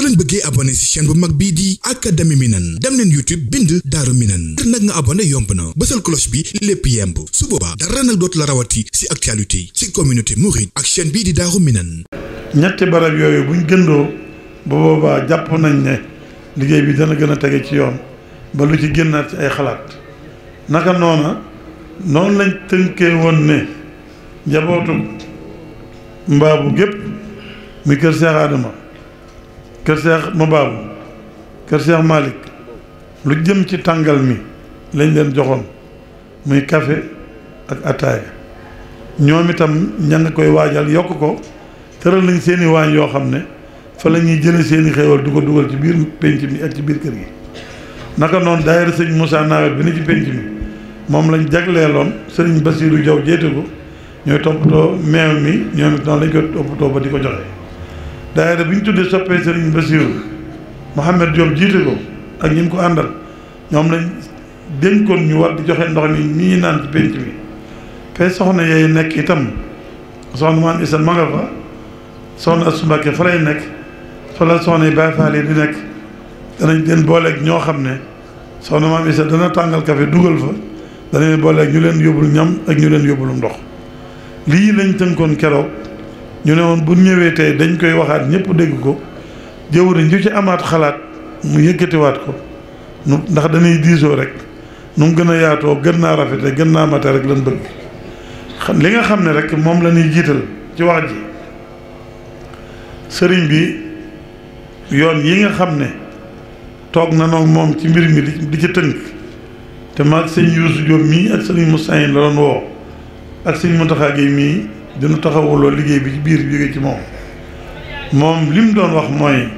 soo leen bëggee abone ci chaîne bu mag bii di académie Minane dem leen YouTube bind Daaru Minane ngir nag nga abonné yomb na bësal cloche bi lépp yemb su boobaa dara nag dootu la rawati ci actualité ci communauté mouride ak chaîne bii di Daaru Minane ñetti barab yooyu buñ gëndoo ba boobaa jàpp nañ ne liggéey bi dana gën a tege ci yoon ba lu ci génnaat ci ay xalaat naka noona noonu lañ tënkee woon ne njabootu mbaabu gépp mi kër Cheikh kër Cheikh Mabaabu kër Cheikh Malick lu jëm ci tàngal mi lañ leen joxoon muy kafe ak ataaya ñoom itam ña koy waajal yokk ko tëral nañ seeni waañ yoo xam ne fa lañuy ñuy jële seeni xéewal du ko dugal ci biir penc mi ak ci biir kër gi naka noonu daayira sëñ Moussa Nawel bi ne ci penc mi moom lañ jagleeloon sëriñ Basiiru Jaw jéete ko ñooy toppatoo meew mi ñoom itam lañ koy toppatoo ba di ko joxe daayira bi ñu tuddee soppee Serigne Bassirou Mouhamed Diop jiite ko ak ñi ko àndal ñoom lañ dénkoon ñu war di joxe ndox mi ñi naan ci pénc mi fee soxna yooyu nekk itam soxna maam Issa ma nga fa soxna Assou fa lay nekk fa la soxna yi Baye Fall yi di nekk danañ leen booleek ñoo xam ne soxna maam Issa dana tàngal café dugal fa danañ booleeg ñu leen yóbbul ñam ak ñu leen yóbbulum ndox lii lañ tënkoon keroog ñu ne woon bu ñëwee tey dañ koy waxaat ñëpp dégg ko jëwriñ ju ci amaat xalaat mu yëkkatiwaat ko nu ndax dañuy diisoo rek nu mu gën a yaatoo gën naa rafete gën naa mate rek lan bëgg li nga xam ne rek moom la jiital ci wax ji sëriñ bi yoon yi nga xam ne toog na noog moom ci mbir mi di ci tënk te maag sëñ Yuusu Jóob mii ak sëriñ Moussa la doon woo ak sëñ Mountakha Guèye mii dinu taxawuloo liggéey bi ci biir jóge ci moom moom li doon wax mooy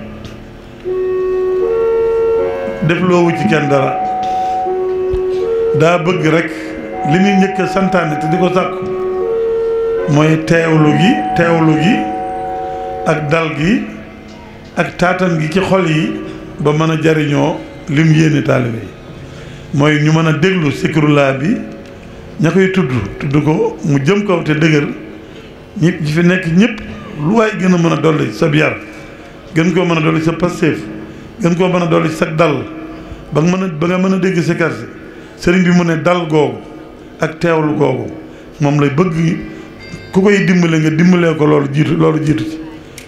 def loowu ci kenn dara daa bëgg rekk li ñuy njëkk a santaane te di ko sàkku mooy teewlu gi teewlu gi ak dal gi ak taatan gi ci xol yi ba mën a jariñoo lim yéene taalibe yi mooy ñu mën a déglu sikrullaa bi ña koy tudd tudd ko mu jëm kaw te dëgër ñëpp ñi fi nekk ñëpp lu waaye gën a mën a dolli sa yar gën koo mën a dolli sa pastéef gën koo mën a dolli sa dal ba mën a ba nga mën a dégg sa karse sëriñ bi mu ne dal googu ak teewlu googu moom lay bëgg ku koy dimbale nga dimbalee ko loolu jiitu loolu jiitu ci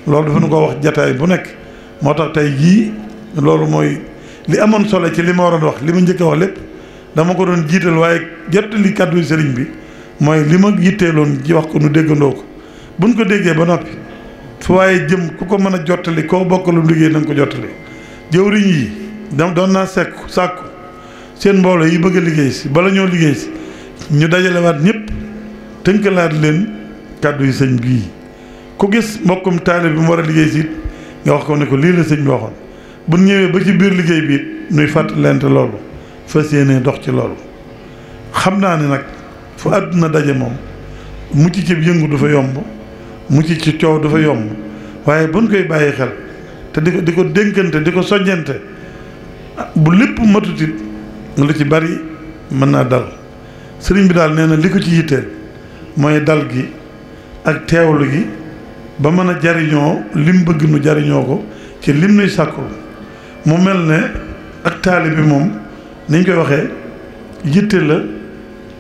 loolu dafa nu ko wax jataay bu nekk moo tax tey jii loolu mooy li amoon solo ci li ma waroon wax li ma njëkk a wax lépp dama ko doon jiital waaye jottali kàddu sëriñ bi mooy li ma yitteeloon ci wax ko nu déggandoo ko buñ ko déggee ba noppi fu waaye jëm ku ko mën a jottali koo bokkalum liggéey na nga ko jottali jëwriñ yi da doon naa sekku sàkku seen mbooloo yi bëgg a liggéey si bala ñoo liggéey si ñu dajalewaat ñëpp tënkalaat leen kàddu yi sëñ bii ku gis mbokkum taale bi mu war a liggéey si it nga wax ko ne ko lii la sëñ bi waxoon bu ñëwee ba ci biir liggéey bi it fàtt fàttalante loolu fa yéenee dox ci loolu xam naa ne nag fu àdduna daje moom mu ci cib yëngu du fa mucc ci coow dafa yomb waaye buñ koy bàyyi xel te di ko di ko dénkante di ko soññante bu lépp matutit lu ci bari mën naa dal sëriñ bi daal nee na li ko ci yitteel mooy dal gi ak teewlu gi ba mën a jariñoo lim bëgg nu jariñoo ko ci lim nuy sàkkul mu mel ne ak taali bi moom niñ koy waxee yitte la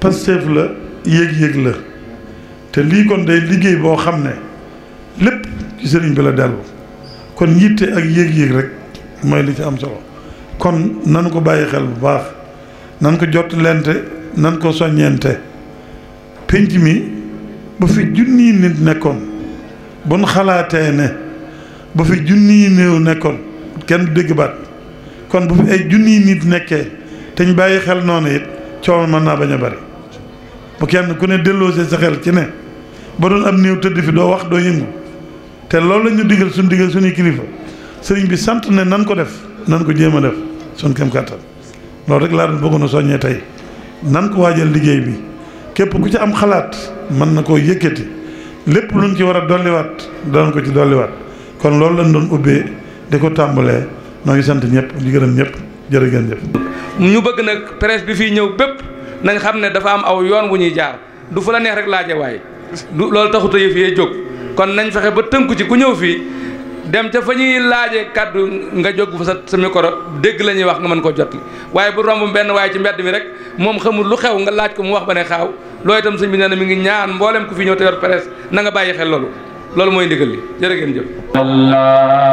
pasteef la yéeg-yéeg la te lii kon day liggéey boo xam ne lépp ci sëriñ bi la dellu kon yitte ak yéeg-yéeg rek mooy li ci am solo kon nanu ko bàyyi xel bu baax nan ko jot lente nan ko soññeente pénc mi ba fi junniy nit nekkoon bon xalaatee ne ba fi junniy néew nekkoon kenn du baat kon bu fi ay junniy nit nekkee te ñu bàyyi xel noonu it coow mën naa bañ a bari bu kenn ku ne delloosee sa xel ci ne ba doon am néew tëdd fi doo wax doo yëngu te loolu la ñu digal suñu digal suñuy kilifa sëriñ bi sant ne nan ko def nan ko jéem a def suñu kem kàttan loolu rek laa doon bëggoon a soññee tey nan ko waajal liggéey bi képp ku ci am xalaat mën na koo yëkkati lépp luñ ci war a dolliwaat danañ ko ci dolliwaat kon loolu lañ doon ubbee di ko tàmbalee noo ngi sant ñëpp di gërëm ñëpp jërë ngeen jëf. ñu bëgg nag presse bi fii ñëw bépp na nga xam ne dafa am aw yoon wu ñuy jaar du fa la neex rek laaje waaye du loolu taxut a yëf yee jóg kon nañ fexe ba tënku ci ku ñëw fii dem ca fa ñuy laaje kàddu nga jóg fa sa sa mikoro dégg la ñuy wax nga mën koo jot li waaye bu romb benn waaye ci mbedd mi rek moom xamul lu xew nga laaj ko mu wax ba ne xaaw loolu itam sëñ bi nee na mi ngi ñaan mboolem ku fi ñëw te yor presse na nga bàyyi xel loolu loolu mooy ndigal li jërë ngeen jëf. Allah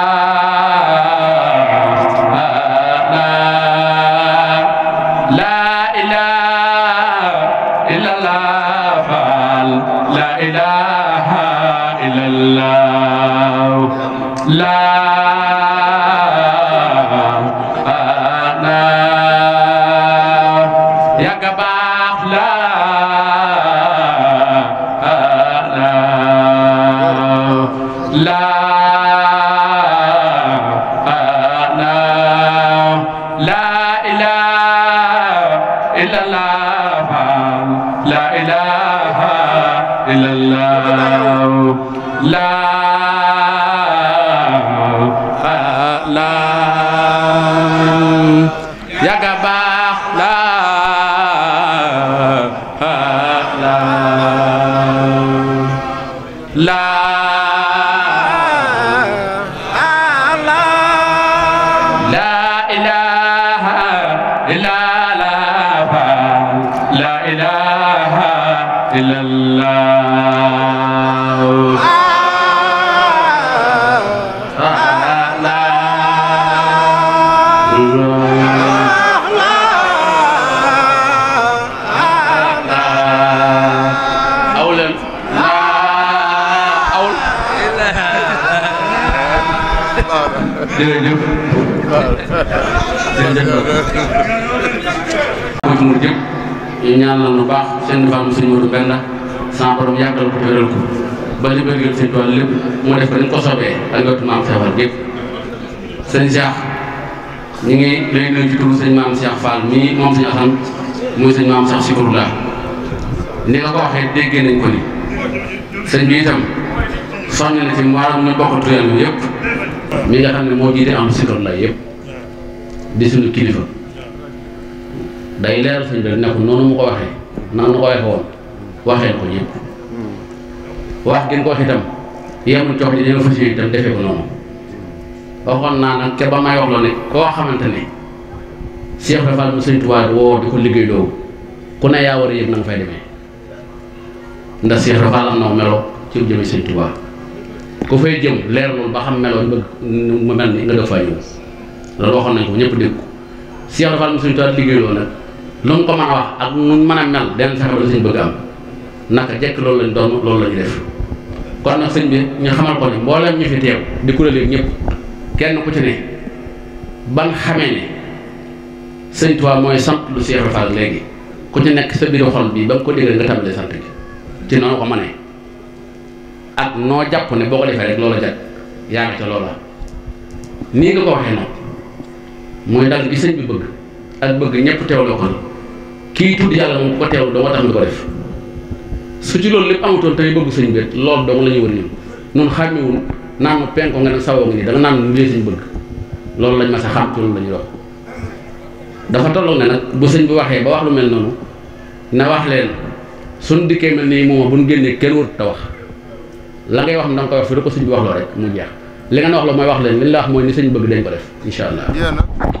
ilaha illallah la ilaha illallah la la إلا الله jërëjëf jërëjëf ñu ñaanal lu baax seen femme suñu mbiru benn sama borom yàggal ko wéral ko ba li bëgg seen tool lépp mu def ko ni ko soobee ak wetu ñu ngi lay nuyu ci turu sëñ maam Cheikh Fall mii moom sëñ Assane muy sëñ maam Cheikh Sikurula ni nga ko waxee déggee nañ ko ni sëñ bi itam soññ na ci maanaam ñu bokk tuyal yëpp mi nga xam ne moo jiite am Sikurula yëpp di suñu kilifa. day leeral sëñ bi ne ko noonu mu ko waxee noonu mu ko waxee woon waxee ko ñëpp wax gën ko wax itam coox li defee ko noonu waxoon naa nag ke ba may wax loo ne koo xamante ne Cheikh Rafal mu sëñ Tuubaa woo di ko liggéey loowu ku ne yaa war a yëg na nga fay demee ndax Cheikh Rafal am na melo ci lu jëmee sëñ Tuubaa ku fay jëm leeralul ba xam meloo bëgg mu mel ni nga loolu waxoon lu mu ko mën a wax ak nu mën a mel den fexe ba sëñ bëgg am naka jekk loolu lañ doon loolu la def kon na sëñ bi ñu xamal ko ni mboolem ñu fi teew di kuréel yi ñëpp kenn ku ci ne ban xamee ne mooy sant lu Seex Faal léegi nekk sa biir xol bi ba nga ko déggee nga tàmbalee sant gi ci noonu ko mënee ak noo jàpp ne boo ko defee rek loola jag yaa ngi ca loola nii nga ko waxee noonu mooy dal gi sëñ bi bëgg ak bëgg ñëpp teewloo ko kii tudd yàlla mu ko teewlu dama tax ñu ko def su ci loolu lépp amutoon tey bëgg sëñ bi loolu dong la ñu war ñun ñun xàmmewul naan ma penko nga ne sawoo nga nii da nga naan lii sëñ bëgg loolu lañ ma sa xam ci loolu la dafa tolloog ne nag bu sëñ bi waxee ba wax lu mel noonu na wax leen suñ dikkee mel nii moom bu ñu génnee kenn warut a wax la ngay wax da nga koy wax fi da ko sëñ bi wax loo rek mu jeex li nga wax la mooy wax leen la wax mooy ni sëñ bëgg dañ ko def incha allah